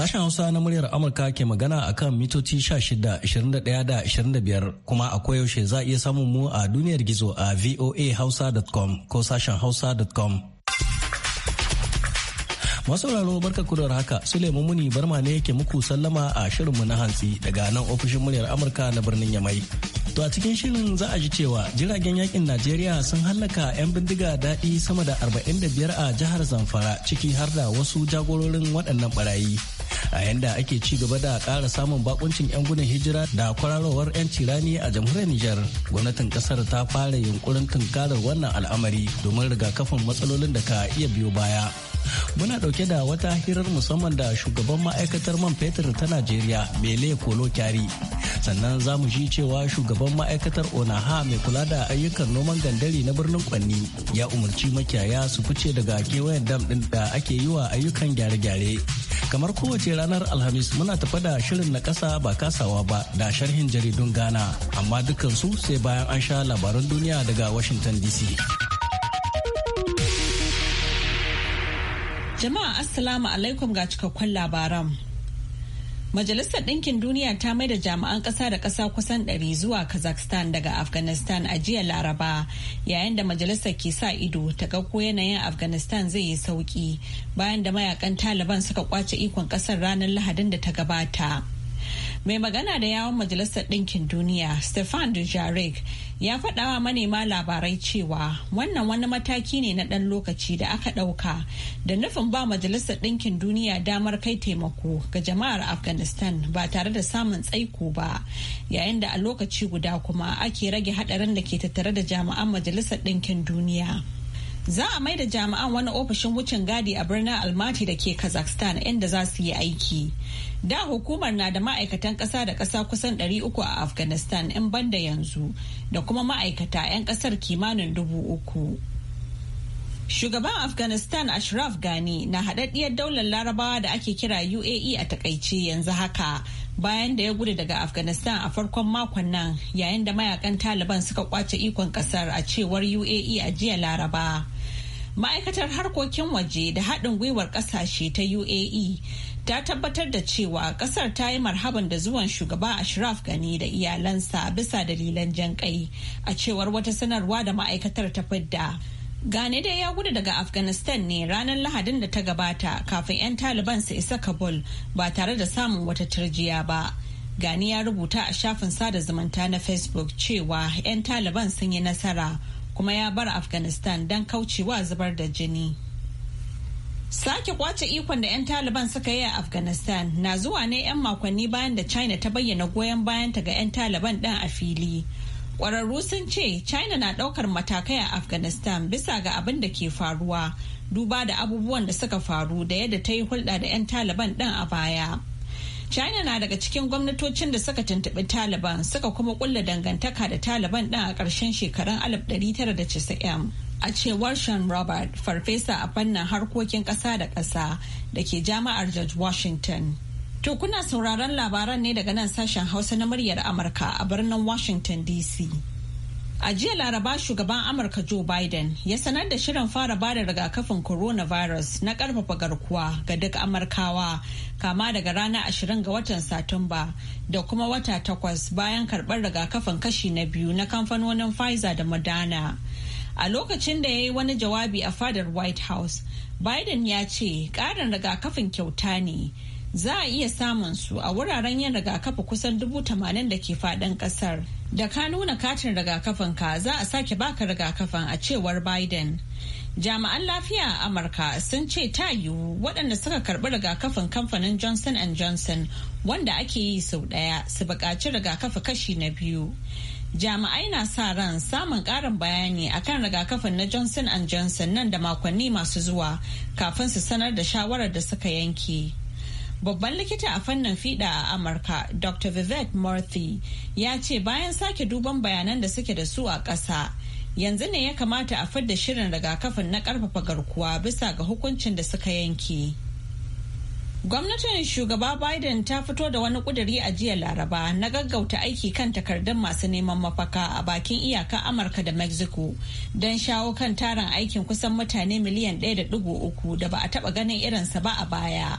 Sashen Hausa na muryar Amurka ke magana a kan mitoci 16, 21 da 25 kuma a koyaushe za iya samun mu a duniyar gizo a voahausa.com ko sashen hausa.com. Masauraro barka kudur haka su Suleiman Muni Barma ne yake muku sallama a shirinmu na hantsi daga nan ofishin muryar Amurka na birnin Yamai. To a cikin shirin za a ji cewa jiragen yakin Najeriya sun hallaka 'yan bindiga daɗi sama da 45 a jihar Zamfara ciki har da wasu jagororin waɗannan barayi. a yanda ake ci gaba da ƙara samun bakuncin 'yan gudun hijira da kwararowar 'yanci rani a jamhuriyar Nijar. Gwamnatin ƙasar ta fara yunkurin tunkarar wannan al'amari domin rigakafin matsalolin da ka iya biyo baya. Muna ɗauke da wata hirar musamman da shugaban ma'aikatar man fetur ta Najeriya Mele Kolo Kyari. Sannan za mu ji cewa shugaban ma'aikatar Onaha mai kula da ayyukan noman gandari na birnin Kwanni ya umarci makiyaya su fice daga kewayen dam ɗin da ake yi wa ayyukan gyare-gyare. kamar kowace ranar alhamis muna tafa da shirin na kasa ba kasawa ba da sharhin jaridun ghana amma dukansu sai bayan an sha labaran duniya daga washington dc jama'a assalamu alaikum ga cikakkun labaran Majalisar Ɗinkin Duniya ta maida jami'an ƙasa da ƙasa kusan 100 zuwa Kazakhstan daga Afghanistan a jiya Laraba, yayin da majalisar ke sa ido ta ga ko yanayin Afghanistan zai yi sauƙi, bayan da mayakan Taliban suka kwace ikon ƙasar ranar Lahadin da ta gabata. mai magana da yawon majalisar ɗinkin duniya stefan dujarric ya faɗawa manema labarai cewa wannan wani mataki ne na ɗan lokaci da aka ɗauka da nufin ba majalisar ɗinkin duniya damar kai taimako ga jama'ar afghanistan ba tare da samun tsaiko ba yayin da a lokaci guda kuma ake rage haɗarin da ke tattare da jami'an majalisar ɗinkin duniya za a mai da jami'an wani ofishin wucin gadi a birnin almati da ke kazakhstan inda za su yi aiki Da hukumar na da ma'aikatan ƙasa da ƙasa kusan 300 a Afghanistan in banda yanzu da kuma ma'aikata 'yan ƙasar kimanin dubu uku. Shugaban Afghanistan Ashraf Ghani na haɗaɗɗiyar daular larabawa da ake kira UAE a takaice yanzu haka bayan da ya gudu daga Afghanistan a farkon makon nan yayin da mayakan Taliban suka kwace ikon ƙasar a cewar UAE a jiya laraba. Ma'aikatar harkokin waje da haɗin gwiwar ƙasashe ta UAE ta tabbatar da cewa kasar ta yi marhaban da zuwan shugaba ashraf gani da iyalansa bisa dalilan jan a cewar wata sanarwa da ma'aikatar ta fidda gane dai ya gudu daga afghanistan ne ranar lahadin da ta gabata kafin 'yan taliban su isa kabul ba tare da samun wata turjiya ba gani ya rubuta a shafin sada zumunta na facebook cewa 'yan taliban sun yi nasara kuma ya bar afghanistan don kaucewa zubar da jini Sake kwace ikon da 'yan Taliban suka yi a Afghanistan na zuwa ne 'yan makonni bayan da China ta bayyana goyon bayanta ga 'yan Taliban ɗin a fili. Ƙwararru sun ce China na ɗaukar matakai a Afghanistan bisa ga abin da ke faruwa, duba da abubuwan da suka faru da yadda ta yi hulɗa da 'yan Taliban ɗin a baya. China na daga cikin gwamnatocin da suka tuntuɓi Taliban suka kuma ƙulla dangantaka da Taliban ɗin a ƙarshen shekarun 1990. A cewar Sean Robert, farfesa a fannin harkokin ƙasa da ƙasa da ke Jama'ar George Washington. To kuna sauraron labaran ne daga nan sashen Hausa na muryar Amurka a birnin Washington DC. A jiya Laraba shugaban Amurka Joe Biden ya sanar da shirin fara bada rigakafin coronavirus na karfafa garkuwa ga duk Amurkawa kama daga rana 20 ga watan Satumba da kuma wata takwas bayan karbar rigakafin kashi na biyu na kamfanonin Pfizer da Moderna. a lokacin da ya yi wani jawabi a fadar white house biden ya ce ƙarin rigakafin kyauta ne za a iya samun su a wuraren yin rigakafi kusan dubu tamanin da ke fadin ƙasar da ka nuna katin rigakafin ka za a sake baka rigakafin a cewar biden jami'an lafiya a amurka sun ce ta yiwu waɗanda suka karɓi rigakafin kamfanin johnson johnson wanda ake yi sau ɗaya su buƙaci rigakafi kashi na biyu jami'ai na sa ran samun ƙarin bayani akan rigakafin na johnson and johnson nan da makonni masu zuwa kafin su sanar da shawarar da suka yanke babban likita a fannin fiɗa a amurka dr vivek murthy ya ce bayan sake duban bayanan da suke da su a ƙasa yanzu ne ya kamata a fidda shirin rigakafin na ƙarfafa garkuwa bisa ga hukuncin da suka yanke. Gwamnatin shugaba Biden ta fito da wani kuduri a jiya Laraba na gaggauta aiki kan takardun masu neman mafaka a bakin iyaka Amurka da Mexico don shawo kan tarin aikin kusan mutane miliyan 1.3 da ba a taba ganin irinsa ba a baya.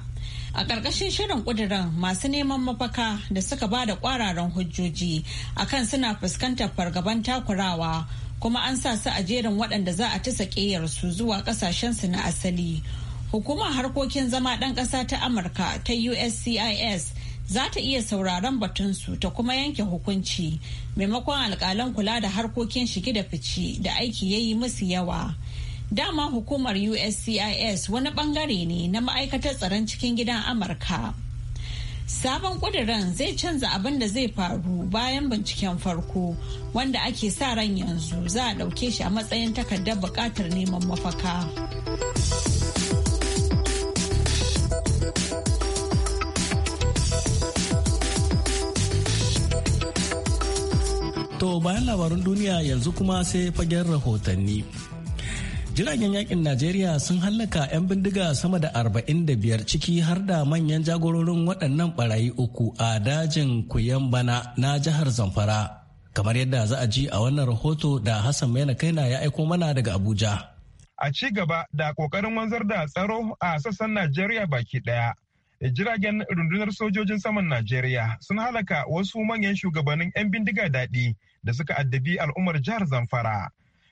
A ƙarƙashin shirin ƙudurin masu neman mafaka da suka ba da ƙwararan hujjoji a kan suna fuskantar fargaban takurawa kuma an sa su a jerin waɗanda za a ta su zuwa ƙasashensu na asali. hukumar harkokin zama ɗan ƙasa ta amurka ta uscis za ta iya sauraron batunsu ta kuma yanke hukunci maimakon alkalan kula da harkokin shige da fice da aiki ya yi musu yawa dama hukumar uscis wani ɓangare ne na ma'aikatar tsaron cikin gidan amurka sabon ƙudiran zai canza abin da zai faru bayan binciken farko wanda ake sa ran yanzu za a ɗauke shi a matsayin takardar buƙatar neman mafaka. To bayan labarun duniya yanzu kuma sai fagen rahotanni. Jiragen yakin Najeriya sun hallaka 'yan bindiga sama da 45 ciki har da manyan jagororin waɗannan barayi uku a dajin Kuyambana na jihar Zamfara. Kamar yadda za a ji a wannan rahoto da Hassan Maina na ya aiko mana daga Abuja. A ci gaba da ƙoƙarin wanzar da tsaro a sassan Najeriya baki ɗaya. Eh, jiragen rundunar sojojin saman Najeriya sun halaka wasu manyan shugabannin 'yan bindiga daɗi da suka addabi al'ummar jihar Zamfara.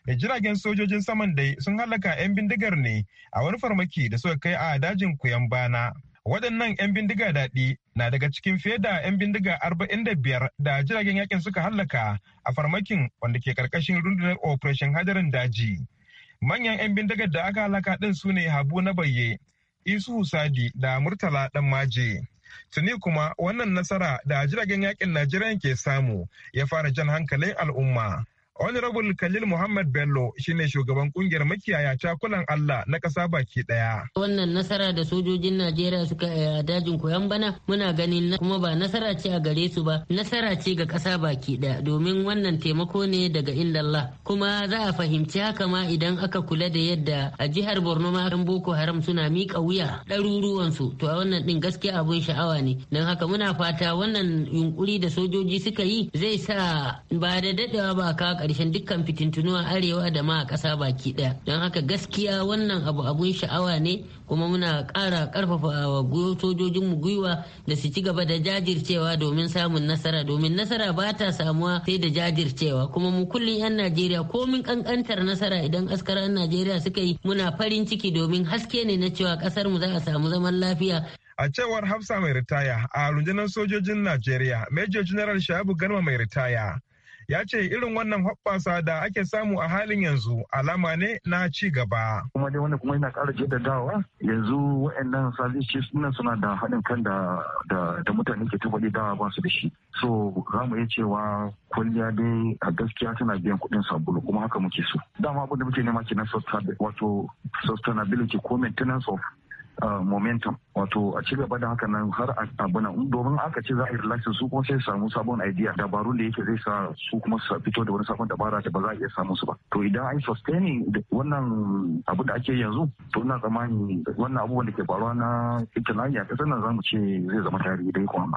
Eh, jiragen sojojin saman dai sun halaka 'yan bindigar ne a wani farmaki da suka kai a dajin bana. Waɗannan 'yan bindiga daɗi na daga cikin fiye da 'yan bindiga 45 da jiragen yakin suka halaka a farmakin wanda ke karkashin rundunar Operation Hadarin Daji. Manyan 'yan bindigar da aka halaka ɗin su ne Habu na Bayye, isuhu Sadi da Murtala Dan Maje. Tuni kuma wannan nasara da jiragen yakin Najeriya ke samu ya fara jan hankalin al'umma. Honorable Khalil Muhammad Bello shine shugaban kungiyar makiyaya cakulan Allah na kasa baki ɗaya. Wannan nasara da sojojin Najeriya suka a dajin koyon bana muna ganin kuma ba nasara ce a gare su ba nasara ce ga ƙasa baki ɗaya domin wannan taimako ne daga inda Allah kuma za a fahimci haka ma idan aka kula da yadda a jihar Borno ma Boko Haram suna mika wuya ɗaruruwansu to a wannan ɗin gaskiya abun sha'awa ne don haka muna fata wannan yunkuri da sojoji suka yi zai sa ba da daɗewa ba ka ƙarshen dukkan fitintunu a arewa da ma a kasa baki ɗaya don haka gaskiya wannan abu abun sha'awa ne kuma muna kara ƙarfafa wa sojojinmu gwiwa da su ci gaba da jajircewa domin samun nasara domin nasara ba ta samuwa sai da jajircewa kuma mu kullum 'yan najeriya komin ƙanƙantar nasara idan askaran najeriya suka yi muna farin ciki domin haske ne na cewa kasar mu za a samu zaman lafiya a cewar hafsa mai ritaya a rundunar sojojin najeriya major general shabu garma mai ritaya ya ce irin wannan hoɓɓasa da ake samu a halin yanzu alama ne na ci gaba. Kuma dai wani kuma yana ƙara dawa yanzu waɗannan chiefs nan suna da haɗin kan da da mutane ke tuba da ba su da shi. So za mu iya cewa kwalliya dai a gaskiya tana biyan kuɗin sabulu kuma haka muke so. Dama abin da muke nema kenan wato sustainability ko maintenance of momentum wato a ci gaba da haka nan har abu na domin aka ce za a yi relaxin su kuma sai su samu sabon idea dabarun da yake zai sa su kuma su fito da wani sabon dabara da ba za a iya samu su ba to idan an sustaining wannan abu da ake yanzu to ina tsammani wannan abubuwan da ke faruwa na ikilani a kasar nan za mu ce zai zama tarihi dai kuma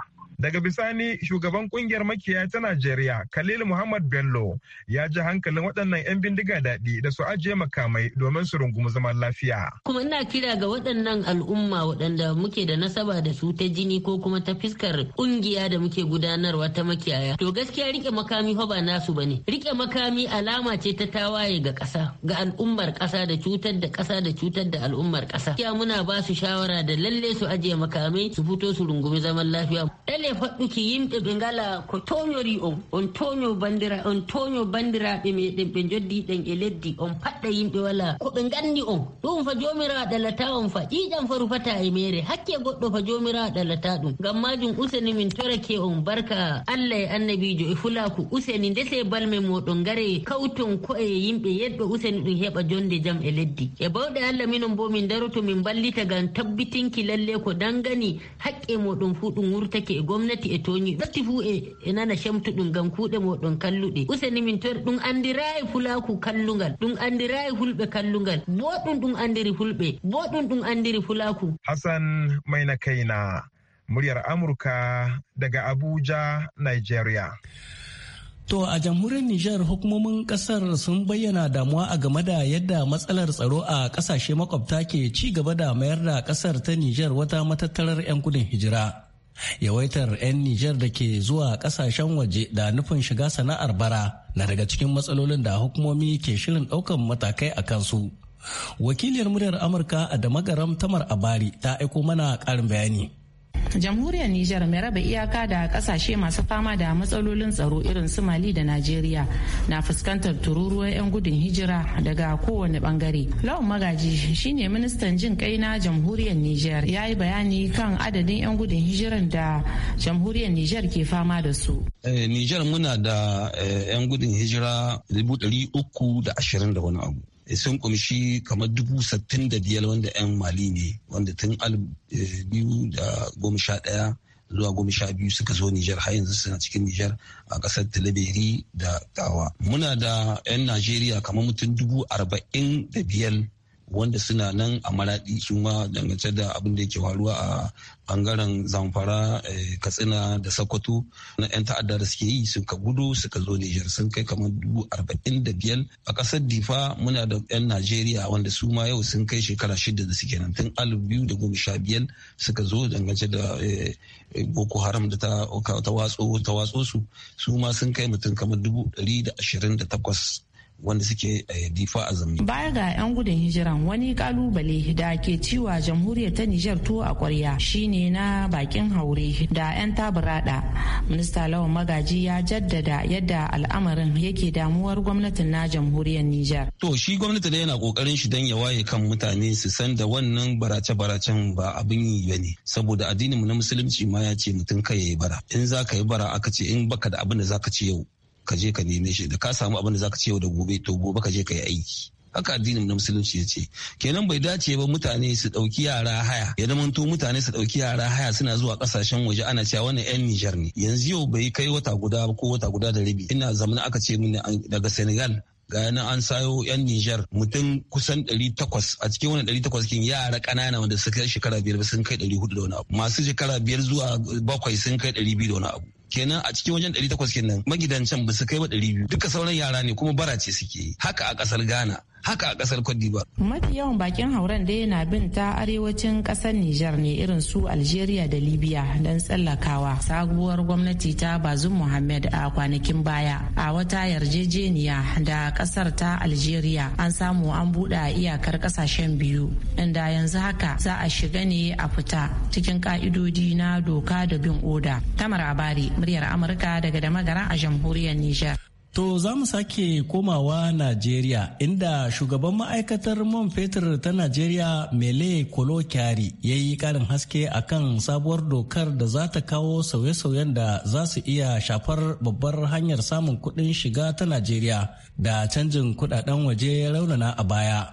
Daga bisani shugaban kungiyar makiyaya ta Najeriya Khalil Muhammad Bello ya ji hankalin waɗannan 'yan bindiga daɗi da su ajiye makamai domin su rungumi zaman lafiya. Kuma ina kira ga waɗannan al'umma waɗanda muke da nasaba da su ta jini ko kuma ta fiskar kungiya da muke gudanarwa ta makiyaya. To gaskiya rike makami hoba ba nasu bane. Rike makami alama ce ta tawaye ga ƙasa, ga al'ummar ƙasa da cutar da ƙasa da cutar da al'ummar ƙasa. Kiya muna ba su shawara da lalle su ajiye makamai su fito su rungumi zaman lafiya. Ɗale e hoɓɓuki yimɓe ɓe ngala ko toñori on on toño bandira on toño bandiraɓe meɗen ɓe joddiɗen e leddi on paɗɗa yimɓe wala ko ɓe ganni on ɗum fa a ɗalata on fa ƴiƴam fa rufata e mere hakke goɗɗo fa a ɗalata ɗum ngam majum useni min torake on barka allah e annabijo e fulaku useni ndese balme moɗon gare kawton e yimɓe yedɗo useni ɗum heɓa jonde jam e leddi e bawɗe allah minon bo min daroto min ballita ngam tabbitinki lalle ko dangani hakke moɗon fu ɗum wurtake e gom gwamnati e toñi zati fu e, e nana gan kuɗe mo dun kalluɗe useni min tor dun andirayi fulaku kallugal ɗum andirayi hulɓe bo dun dun andiri hulɓe dun dun andiri fulaku hassan maina kaina muryar amurka daga abuja nigeria To a jamhuriyar Nijar hukumomin kasar sun bayyana damuwa a game da yadda matsalar tsaro a kasashe makwabta ke ci gaba da mayar da kasar ta Nijar wata matattarar 'yan gudun hijira. yawaitar 'yan Nijar da ke zuwa kasashen waje da nufin shiga sana'ar bara na daga cikin matsalolin da hukumomi ke shirin ɗaukan matakai a kansu. Wakiliyar muryar Amurka a da magaram Tamar Abari ta aiko mana ƙarin bayani. jamhuriyar nijar mai raba iyaka da kasashe masu fama da matsalolin tsaro irin su mali da najeriya na fuskantar tururuwan 'yan gudun hijira daga kowane bangare lawan magaji shine ministan jin kai na jamhuriyar nijar ya yi bayani kan adadin 'yan gudun hijiran da jamhuriyar nijar ke fama da su eh, nijar muna da eh, 'yan gudun hijira 320 da abu Eh, sun kumshi kamar dubu sattin da biyar wanda 'yan mali ne wanda tun eh, biyu da goma sha ɗaya zuwa goma sha biyu suka zo Nijar har yanzu suna cikin Nijar a ƙasar Talabiri da Tawa. Muna da 'yan Najeriya kamar mutum dubu arba'in da biyar wanda suna nan a maraɗi shi ma dangance da abin da yake waruwa a bangaren zamfara eh, katsina da sokoto na 'yan ta'adda da suke yi ka gudu ka zo nijar sun kai kamar dubu arba'in da biyar a ƙasar difa muna da 'yan najeriya wanda su ma yau sun kai shekara shida da suke nan tun alif biyu da goma sha biyar suka zo dangance da eh, eh, boko haram da ta watso su su ma sun kai mutum kamar dubu ɗari da ashirin da takwas wanda suke eh, difa a zamani. Baya ga 'yan gudun hijiran wani kalubale da ke ciwa jamhuriyar ta Nijar tuwo a kwarya shine na bakin haure da 'yan taburada. Minista Lawan Magaji ya jaddada yadda al'amarin yake damuwar gwamnatin na jamhuriyar Nijar. To shi gwamnati da yana kokarin shi don ya waye kan mutane su san da wannan barace-baracen ba abin yi bane saboda addinin mu na musulunci ma ya ce mutum kai ya yi bara. In za ka yi bara aka ce in baka da abin da za ka ci yau ka je ka neme shi da ka samu abin da zaka ce da gobe to gobe ka je ka yi aiki haka addinin na musulunci ya ce kenan bai dace ba mutane su ɗauki yara haya ya to mutane su ɗauki yara haya suna zuwa ƙasashen waje ana cewa wannan yan nijar ne yanzu yau bai kai wata guda ko wata guda da rabi ina zamana aka ce mini daga senegal ga nan an sayo 'yan Nijar mutum kusan 800 a cikin wani 800 kin yara ƙanana wanda suka shekara biyar sun kai 400 da wani abu masu shekara biyar zuwa bakwai sun kai 200 da wani abu kenan a cikin wajen 800 kenan magidancan ba su kai ba 200 duka sauran yara ne kuma bara ce suke haka a kasar Ghana haka a kasar Cote d'Ivoire. Mafi yawan bakin hauren dai na bin ta arewacin kasar Nijar ne irin su Algeria da Libya don tsallakawa. Sabuwar gwamnati ta Bazum muhammed a kwanakin baya a wata yarjejeniya da kasar ta Algeria an samu an buɗe iyakar kasashen biyu inda yanzu haka za a shiga ne a fita cikin ka'idodi na doka da bin oda. Tamar Abari, muryar Amurka daga da magara a jamhuriyar Nijar. To za mu sake komawa Najeriya inda shugaban ma'aikatar man fetur ta Najeriya Mele Kolo ya yi karin haske akan sabuwar dokar da za ta kawo sauye-sauyen da za su iya shafar babbar hanyar samun kuɗin shiga ta Najeriya da canjin kuɗaɗen waje ya raunana a baya.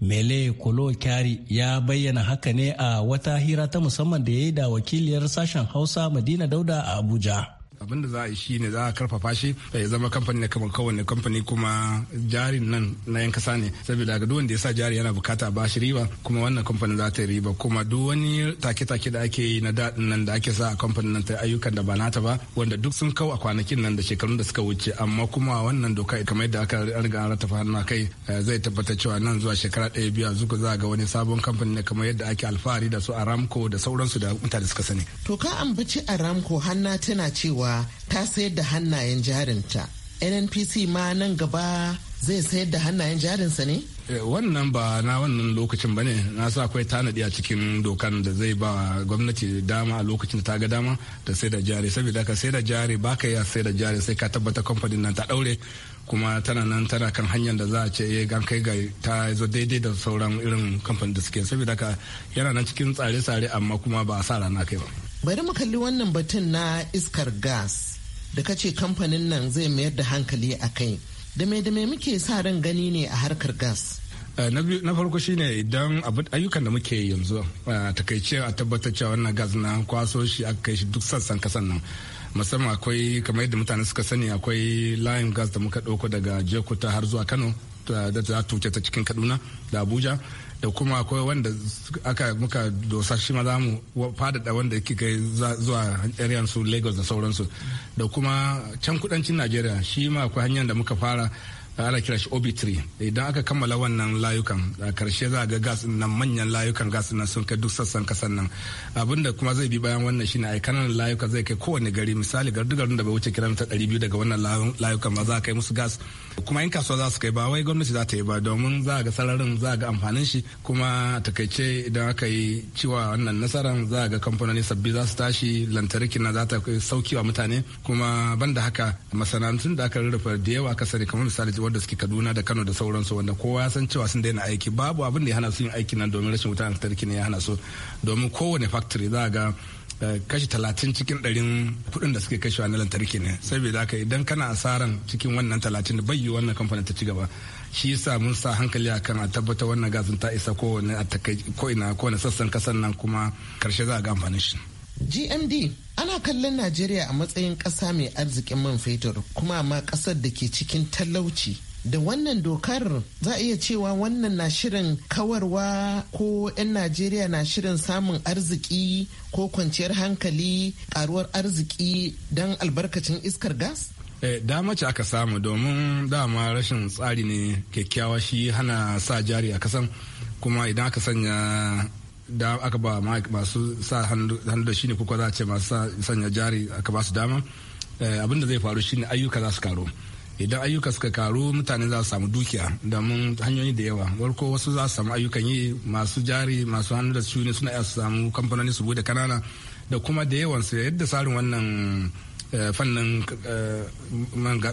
Mele Kolo Kyari ya bayyana haka ne a wata hira ta musamman da ya yi da wakiliyar sashen Hausa Madina Dauda a Abuja. abin da za a yi shi ne za a karfafa shi eh, ya zama kamfani na kamar kowane kamfani kuma jarin nan na yan kasa ne saboda ga wanda ya sa jari yana bukata ba shi riba kuma wannan kamfanin za ta yi riba kuma duk wani take-take da ake yi na daɗin nan da ake sa a kamfanin nan ta ayyukan da ba nata ba wanda duk sun kau a kwanakin nan da shekarun da suka wuce amma kuma wannan doka kamar yadda aka riga an ratafa hannu kai eh, zai tabbatar cewa nan zuwa shekara ɗaya biya zuku za a ga wani sabon kamfani ne kamar yadda ake alfahari da su aramco da sauransu da mutane suka sani. to ka ambaci aramco hanna tana cewa ta sayar da hannayen jarinta nnpc ma nan gaba zai sayar da hannayen jarinsa ne eh, wannan ba na wannan lokacin ba ne na sa akwai tanadi a cikin dokan da zai ba gwamnati dama a lokacin da ta ga dama da sai da jari saboda ka sai da jari ba ka a sai da jari sai ka tabbata kamfanin nan ta daure kuma tana nan tana kan hanyar da za a ce ya eh, kai ga ta zo daidai da sauran irin kamfanin da suke saboda ka yana nan cikin tsare-tsare amma kuma ba a sa rana kai ba bari mu kalli wannan batun na iskar gas da kace kamfanin nan zai mayar da hankali a kai da me da me muke sa ran gani ne a harkar gas eh, na farko shine idan ayyukan da muke yanzu eh, a takaice a tabbatar cewa wannan gas na kwaso shi aka kai shi duk sassan kasan nan musamman akwai kamar yadda mutane suka sani akwai layin gas da muka ɗauko daga jekuta har zuwa kano da za ta wuce ta cikin kaduna da abuja da kuma akwai wanda aka muka dosa shi ma za mu fadada wanda yake kai zuwa area su lagos da sauransu da kuma can kudancin najeriya shi ma akwai hanyar da muka fara ana kira shi ob3 idan aka kammala wannan layukan a karshe za a ga gas nan manyan layukan gas nan sun kai duk sassan kasan nan abinda kuma zai bi bayan wannan shine ai kananan layuka zai kai kowane gari misali gardugarin da bai wuce kilomita 200 daga wannan layukan ba za a kai musu gas kuma yan kasuwa za su kai ba wai gwamnati za ta yi ba domin za ga sararin za ga amfanin shi kuma takaice idan aka yi ciwa wannan nasaran za ga kamfanoni sabbi za su tashi lantarki na za ta sauki wa mutane kuma banda haka masana'antun da aka rarrafa da yawa aka sani kamar misali wanda suke kaduna da kano da sauransu wanda kowa ya san cewa sun daina aiki babu abin da ya hana su yin aiki nan domin rashin wutar lantarki ne ya hana su domin kowane factory za ga Eh, kashi talatin cikin ɗarin kuɗin da suke kashewa na lantarki ne saboda haka idan kana asaran cikin wannan talatin da bayyi wannan kamfanin ta ci gaba shi yasa mun sa hankali akan a tabbatar wannan gasin ta isa kowane a ko'ina kowane sassan kasar nan kuma karshe za a ga amfanin shi gmd ana kallon najeriya a matsayin ƙasa mai arzikin man fetur kuma ma ƙasar da ke cikin talauci da wannan dokar za a iya cewa wannan na shirin kawarwa ko 'yan najeriya na shirin samun arziki ko kwanciyar hankali karuwar arziki don albarkacin iskar gas Eh, dama ce aka samu domin dama rashin tsari ne kyakkyawa shi hana sa jari a kasan kuma idan aka sanya da aka ba masu sa hannu da shi ne kuka za a ce masu sanya jari aka ba su dama eh, abin da zai faru shine ayyuka za su karo. idan ayyuka suka karu mutane za su samu dukiya da mun hanyoyi da yawa warko wasu za su samu ayyukan yi masu jari masu hannu da suni suna iya su samu kamfanoni su bude kanana da kuma da yawan su yadda tsarin wannan eh, fannin eh,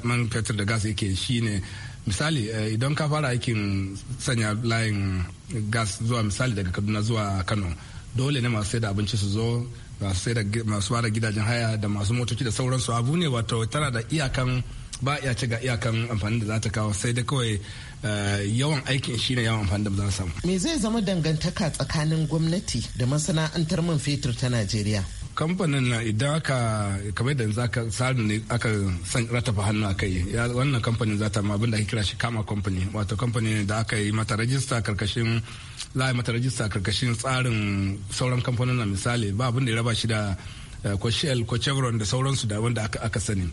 man fetur da gas yake shine misali eh, idan ka fara aikin sanya layin gas zuwa misali daga kaduna zuwa kano dole ne masu sai da abinci su zo masu sai da masu gidajen haya da masu motoci da sauransu abu ne wato tana da iyakan ba ya ci ga iyakan amfani da za ta kawo sai da kawai eh, yawan aikin shi ne yawan amfani da za samu. Me zai zama dangantaka tsakanin gwamnati da masana'antar man fetur ta Najeriya? kamfanin na idan aka kamar da za ka tsarin ne aka san ratafa hannu a kai wannan kamfanin za ta ma abin da ake kira shi kama kamfani wato kamfanin da aka yi mata rajista karkashin za a yi mata rajista karkashin tsarin sauran kamfanin na misali ba abin da ya raba shi da eh, ko shell ko chevron da sauransu da wanda aka sani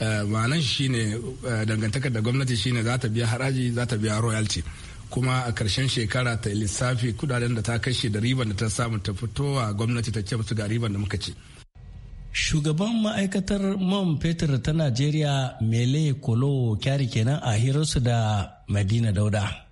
Eh, ma'anan shi ne eh, dangantakar da gwamnati shine za ta biya haraji za ta biya royalty kuma a karshen shekara ta lissafi kudaden da ta kashe da riban da ta samu ta fitowa gwamnati ta ce musu ga riban da muka ce Shugaban ma'aikatar man fetur ta Najeriya Mele Kolo Kyari kenan a hirarsu da Madina Dauda.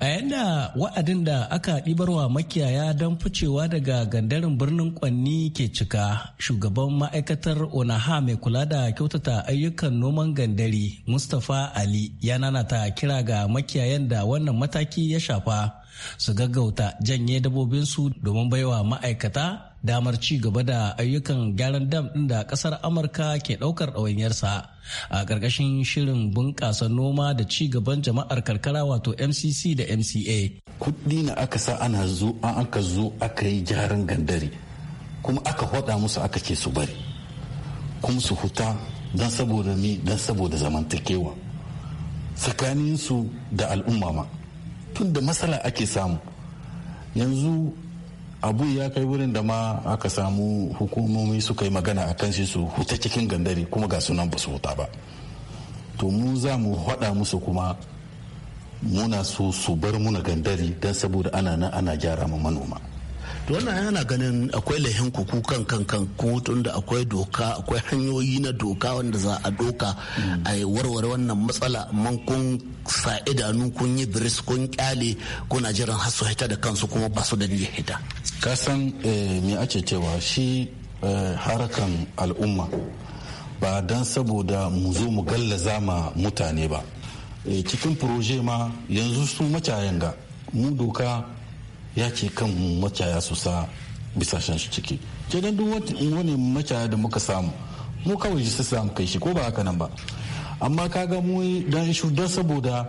A yadda wa'adin da aka ɗibarwa makiyaya don ficewa daga gandarin birnin Kwanni ke cika, shugaban ma'aikatar Onaha mai kula da kyautata ayyukan noman gandari, Mustapha Ali, ya nanata kira ga makiyayan da wannan mataki ya shafa su gaggauta janye dabobinsu domin baiwa ma'aikata damar ci gaba da ayyukan gyaran dam ɗin da ƙasar amurka ke ɗaukar ɗawainiyarsa a karkashin shirin bunƙasa noma da ci gaban jama'ar karkara wato mcc da mca kuɗi na aka sa ana zo an aka zo aka yi gyaran gandari kuma aka hoda musu aka ce su bari kuma su huta don saboda ni don saboda zamantakewa tsakaninsu da al'umma ma tun da matsala ake samu yanzu abu ya kai wurin da ma aka samu hukumomi suka yi magana a kan shi su huta cikin gandari kuma ga sunan ba su huta ba to mu za mu haɗa musu kuma muna so su bar muna gandari don saboda ana nan ana gyara ma manoma to wannan yana ganin akwai lahin kuku kan kan kan kotun da akwai doka akwai hanyoyi na doka wanda za a doka a warware wannan matsala man kun sa idanu kun yi biris kun kyale kuna jiran hasu hita da kansu kuma ba su da niyyar hita ka san eh, me ake cewa shi eh, harakan al'umma ba dan saboda mu zo mu gallaza ma mutane ba eh, cikin proje ma yanzu su macayan ga mu doka ya ce kan macaya su sa bisashen su ciki kenan duk wani macaya da muka samu mu kawai su samu kai shi ko ba haka nan ba amma kaga mu dan shu dan saboda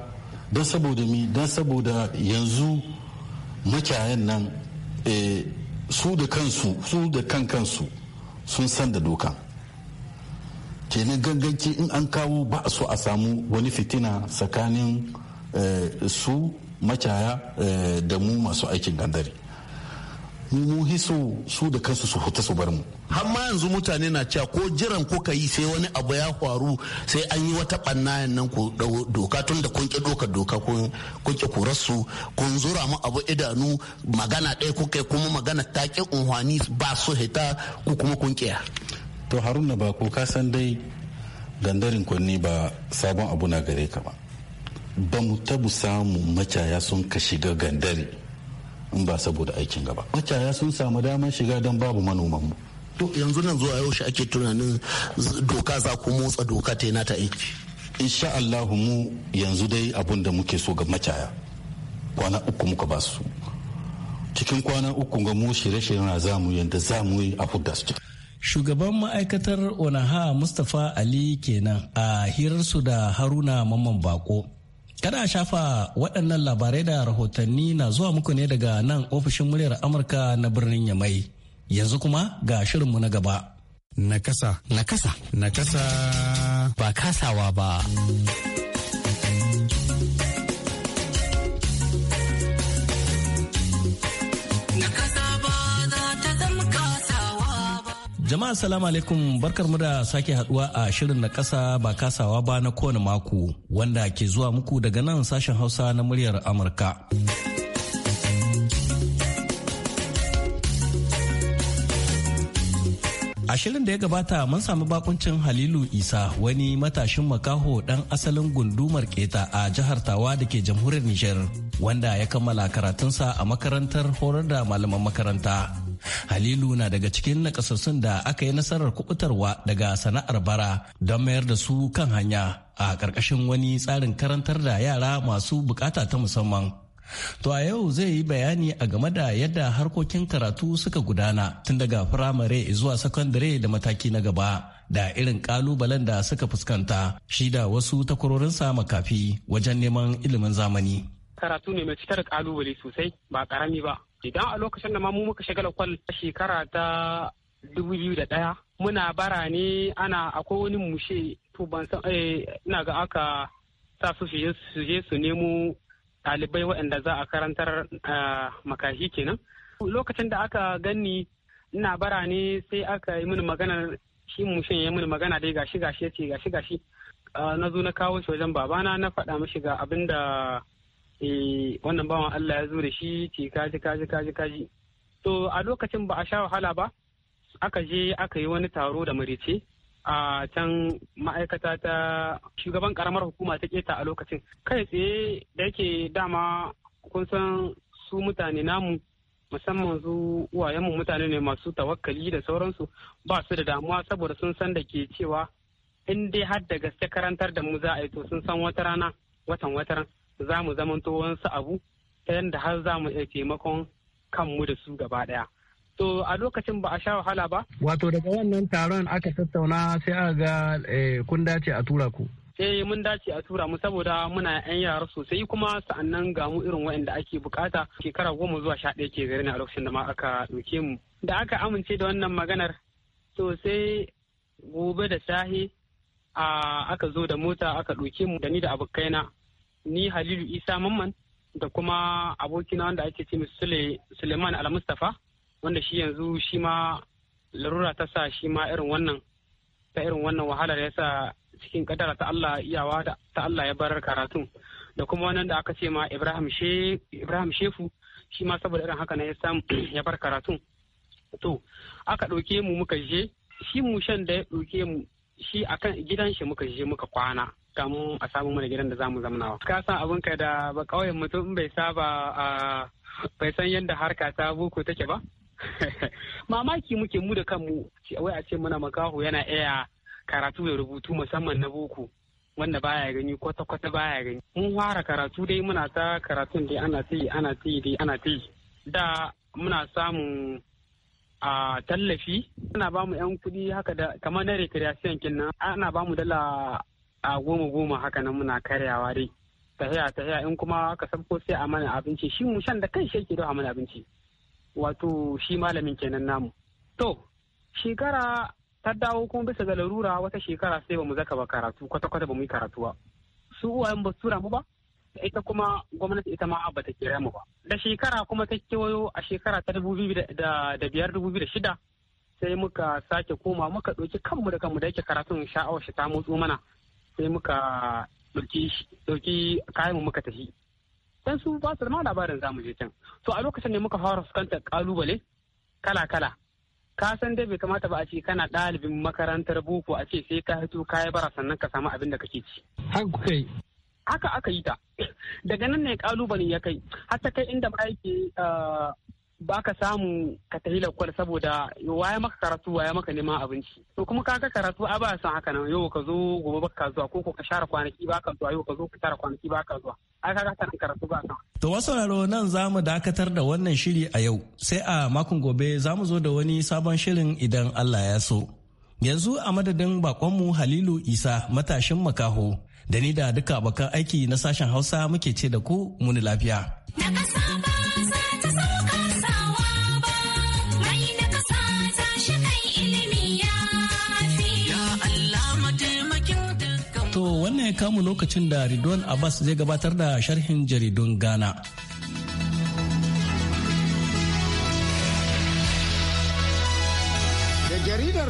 dan saboda mi dan saboda yanzu macayan nan eh, su da kansu su da kan kansu sun san da doka kenan ganganci in an kawo ba so a samu wani fitina tsakanin eh, su macaya eh, da mu masu aikin gandare mu hiso su da kansu su huta su bar mu har ma yanzu mutane na cewa ko jiran ko ka yi sai wani abu ya faru sai an yi wata bannayan nan ku doka tun da kun ki doka doka kun ki kurar su kun zura mu abu idanu magana ɗaya ko kai kuma magana ta ki unhwani ba su hita ku kuma kun kiya to haruna ba ko ka san dai gandarin kunni ba sabon abu na gare ka ba ba mu tabu samun macaya sun ka shiga gandare in ba saboda aikin gaba macaya sun samu damar shiga don babu manoman mu to yanzu nan zuwa yau shi ake tunanin doka za ku motsa doka ta yana ta aiki insha Allah mu yanzu dai abun da muke so ga macaya kwana uku muka ba su cikin kwana uku ga mu shirye-shirye na zamu yanda zamu yi a hudda su shugaban ma'aikatar onaha mustapha ali kenan a hirarsu da haruna mamman bako Kada shafa waɗannan labarai da rahotanni na zuwa muku ne daga nan ofishin muryar Amurka na birnin Yamai. Yanzu kuma ga shirinmu na gaba. Nakasa. Nakasa. Nakasa. Ba kasawa ba. Jama'a salamu alaikum barkar mu da sake haduwa a shirin na kasa ba kasawa ba na kowane mako wanda ke zuwa muku daga nan sashen Hausa na muryar Amurka. A shirin da ya gabata mun sami bakuncin Halilu Isa wani matashin makaho dan asalin gundumar keta a jihar Tawa da ke jamhuriyar Nijar wanda ya kammala karatunsa a makarantar horar da malaman makaranta. Halilu na daga cikin nakasassun da aka yi nasarar kubutarwa daga sana'ar bara don mayar da su kan hanya a ƙarƙashin wani tsarin karantar da yara masu bukata ta musamman. To a yau zai yi bayani a game da yadda harkokin karatu suka gudana tun daga firamare zuwa sakandare da mataki na gaba da irin kalubalen da suka fuskanta shi da wasu takwarorinsa makafi wajen neman ilimin zamani. Karatu ne mai cikar kalubale sosai ba karami ba Idan a lokacin da ma mu muka shagala kwal shekara ta dubu biyu da ɗaya muna bara ne ana akwai wani mushe to ban san eh, ina ga aka sa su su su nemo ɗalibai waɗanda za a karantar eh, makashi kenan. Lokacin da aka ganni ina bara ne sai aka yi mini magana shi mushe ya mini magana dai gashi gashi ya ce gashi gashi eh, na zo na kawo shi wajen babana na faɗa mishi ga abinda. e wannan bawan Allah ya zo da shi ce kaji kaji kaji kaji to a lokacin ba a sha wahala ba aka je aka yi wani taro da marice a can ma'aikata ta shugaban karamar hukuma ta keta a lokacin kai tsaye da yake dama kun san su mutane namu musamman su uwayenmu mutane ne masu tawakkali da sauransu ba su da damuwa saboda sun san da ke cewa in dai har da gaske karantar da mu za a yi to sun san wata rana watan rana za mu zamanto wasu abu ta yadda har za mu iya taimakon kanmu da su gaba ɗaya. to a lokacin ba a sha wahala ba. Wato daga wannan taron aka tattauna sai aka ga eh, kun dace a tura ku. Eh mun dace a tura mu saboda muna yan yara sosai kuma sa'annan ga mu irin waɗanda ake bukata shekara goma zuwa sha ɗaya ke gari ne a lokacin da ma aka ɗauke mu. Da aka amince da wannan maganar to sai gobe da sahi a aka zo da mota aka ɗauke mu da ni da abokaina ni Halilu Isa Mamman da kuma abokina wanda ake ce Sule Suleiman Al-Mustafa wanda shi yanzu shi ma larura ta sa shi ma irin wannan ta irin wannan wahala da ya sa cikin kadara ta Allah iyawa da ta Allah ya barar karatun da kuma wannan da aka ce ma Ibrahim She Ibrahim Shefu shi ma saboda irin haka ne ya samu ya bar karatun to aka ɗauke mu muka je shi mushen da ya ɗauke mu shi akan gidan shi muka je muka kwana samu a samu mana gidan da zamu zamnawa ka san abin ka da ba kauyen mutum bai saba a bai san yadda harka ta boko take ba mamaki muke mu da kanmu wai a ce muna makaho yana iya karatu da rubutu musamman na boko wanda baya gani kwata-kwata baya gani mun fara karatu dai muna ta karatun dai ana ta yi ana ta yi dai ana ta yi da muna samu a tallafi ana ba mu yan kuɗi haka da kamar na recreation kinnan ana ba mu dala a goma goma haka nan muna karyawa dai tahiya tahiya in kuma ka sabko sai a mana abinci shi mu shan da kai shi yake mana abinci wato shi malamin kenan namu to shekara ta dawo kuma bisa ga larura wata shekara sai ba mu zaka ba karatu kwata-kwata ba mu yi karatu su uwayen ba tura mu ba ita kuma gwamnati ita ma ba ta kira mu ba da shekara kuma ta kewayo a shekara ta dubu biyu da biyar dubu biyu da shida sai muka sake koma muka ɗauki kanmu da kanmu da yake karatun sha'awar shi ta motso mana sai muka ɗauki kayan mu muka tafi dan su ba su da ma labarin zamu je can to a lokacin ne muka fara fuskantar kalubale kala kala ka san dai bai kamata ba a ce kana ɗalibin makarantar boko a ce sai ka hito ka yi bara sannan ka samu abin da kake ci Har kuka haka aka yi ta daga nan ne kalubale ya kai har ta kai inda ma yake ah, ba ka samu ka tafi lakwal saboda waye maka karatu waye maka neman abinci to kuma ka karatu a ba san haka nan yau ka zo gobe baka zuwa ko ko ka share kwanaki ba ka zuwa yau ka zo ka share kwanaki ba ka zuwa ai kaga ka karatu ba san to raro nan za mu dakatar da wannan shiri a yau sai a makon gobe za mu zo da wani sabon shirin idan Allah ya so yanzu a madadin bakonmu Halilu Isa matashin makaho da ni da duka bakan aiki na sashen Hausa muke ce da ku muni lafiya. Na ya kamu lokacin da Ridwan Abbas zai gabatar da sharhin jaridun Ghana.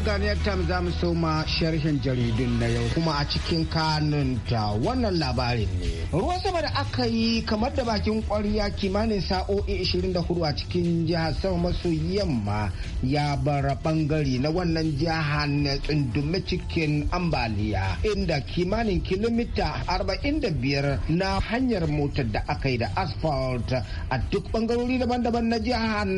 jaridar Ghanaian Times za mu soma sharhin jaridun na yau kuma a cikin kanunta wannan labarin ne. Ruwan sama da aka yi kamar da bakin kwarya kimanin sa'o'i 24 a cikin jihar sama maso yamma ya bara bangare na wannan jihar na tsundumi cikin ambaliya inda kimanin kilomita 45 na hanyar motar da aka yi da asphalt a duk bangarori daban-daban na jihar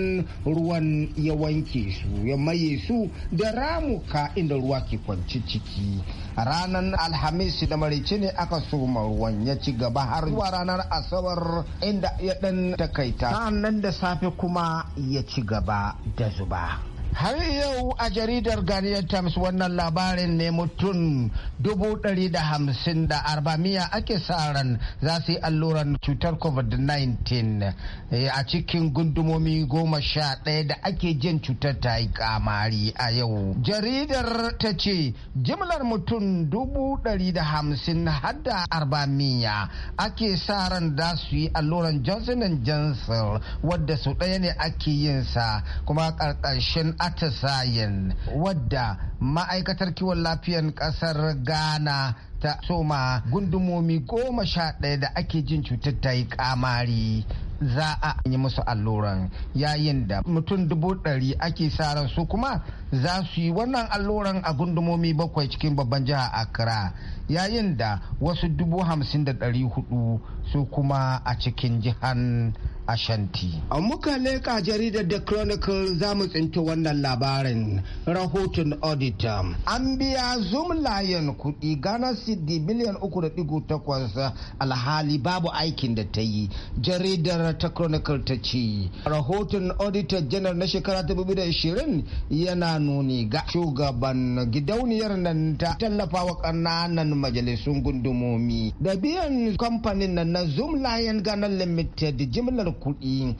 ruwan ya wanke su ya maye su da ramuka inda ruwa ke kwanci ciki ranar alhamis da marici ne aka suma ruwan ya ci gaba har zuwa ranar asabar inda ya dan takaita nan da safe kuma ya ci gaba da zuba Har yau a jaridar Ghanaian Times wannan labarin ne mutum dubu ɗari da hamsin da arbamiya ake sa ran za su yi alluran cutar COVID-19 eh, a cikin gundumomi goma sha ɗaya da ake jin cutar ta yi kamari a yau. Jaridar ta ce jimlar mutum dubu ɗari da hamsin har da arbamiya ake sa ran za su yi alluran Johnson Johnson wadda su ɗaya ne ake yinsa kuma ƙarƙashin atisayen wadda ma'aikatar kiwon lafiyan kasar ghana ta soma gundumomi goma sha ɗaya da ake jin cutar ta yi kamari za a yi musu alluran yayin da mutum dubu ɗari ake sa su kuma za su yi wannan alluran a gundumomi bakwai cikin babban jiha Accra yayin da wasu dubu hamsin da ɗari hudu su kuma a cikin jihan Ashanti. A muka leƙa jaridar The Chronicle za mu tsinci wannan labarin rahoton Auditor. An biya Zoom Lion kuɗi Gana Sidi miliyan uku da ɗigo takwas alhali babu aikin da ta yi. Jaridar ta Chronicle ta ce rahoton auditor janar na shekara ta 2020 yana nuni ga shugaban gidauniyar nan ta tallafawa ƙananan majalisun gundumomi da biyan kamfanin nan na zoom lion ghana limited jimlar kuɗi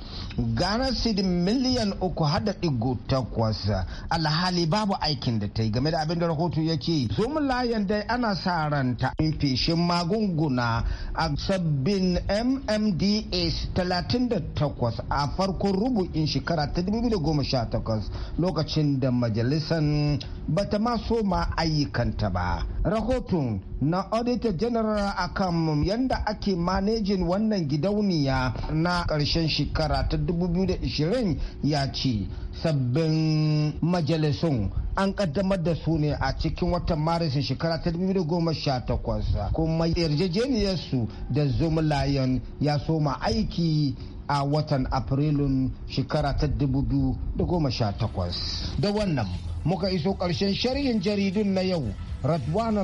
ghana city miliyan uku hada ɗigo takwas alhali babu aikin da ta yi game da abin da rahoto ya ce zoom lion dai ana sa ranta feshin magunguna a sabbin mmds 38 a farkon rubu'in shekara ta 2018 lokacin da majalisan ba ta ma soma ayyukanta ba rahoton na auditor general akan yadda ake manejin wannan gidauniya na ƙarshen shekara ta 2020 ya ce sabbin majalisun an kaddamar da su ne a cikin watan maris shekara ta 2018 kuma yarjejeniyarsu da zumulayen ya soma aiki a watan Afrilun shekara ta 2018. Da wannan muka iso ƙarshen sharhin jaridun na yau Radwan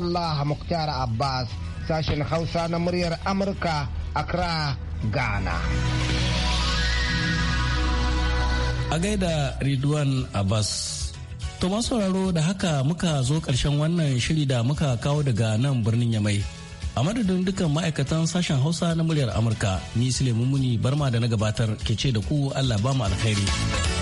Muktar Abbas sashen Hausa na muryar Amurka Accra, Ghana. A gaida Ridwan Abbas. To masu sauraro da haka muka zo ƙarshen wannan shiri da muka kawo daga nan birnin Yamai. a madadin dukkan ma'aikatan sashen hausa na muryar amurka ni sule mummuni barma da na gabatar ke ce da ku allah ba mu alkhairi